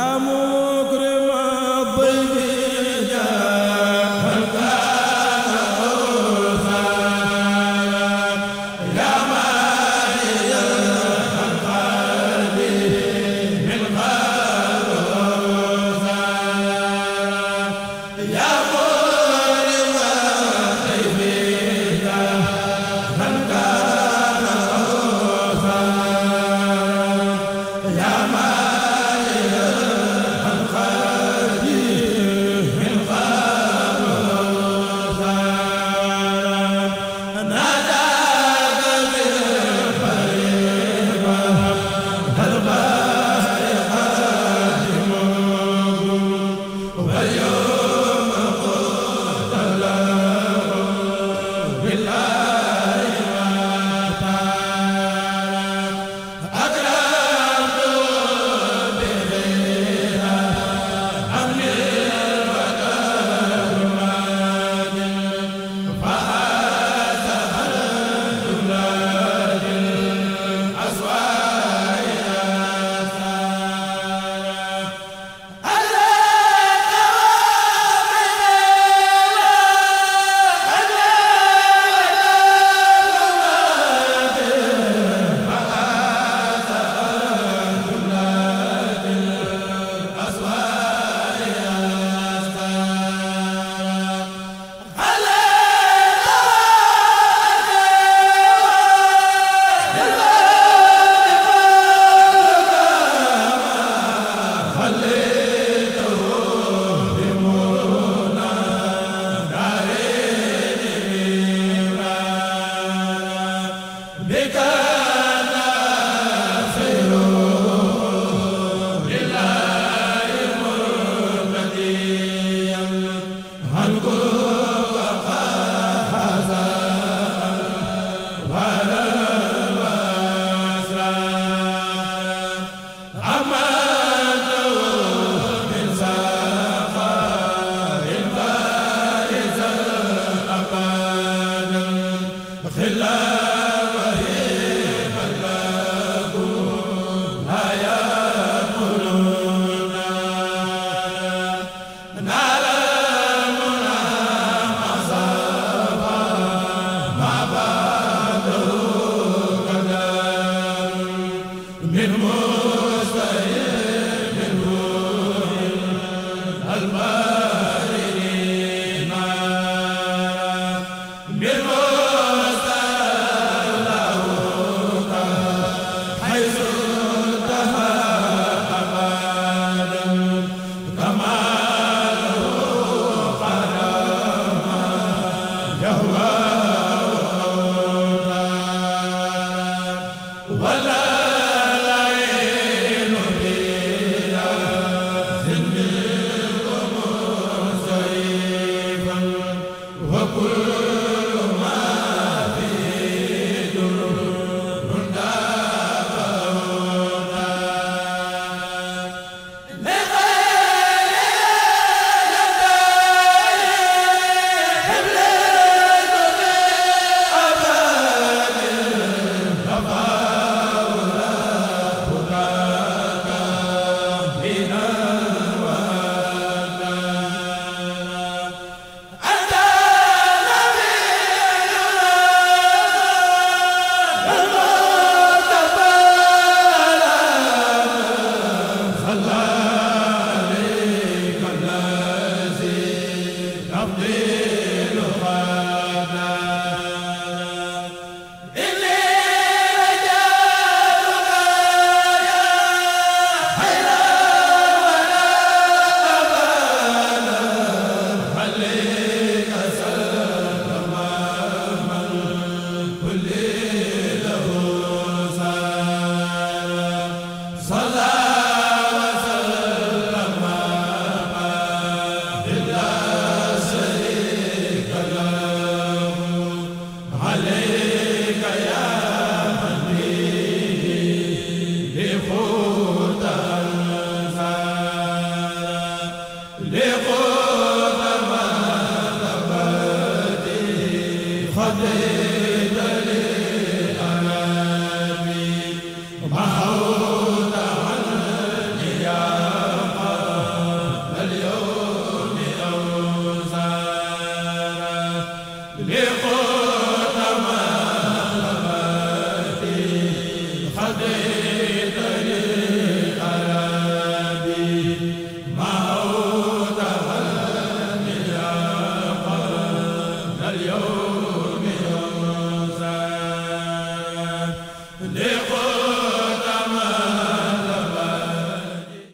amu Amen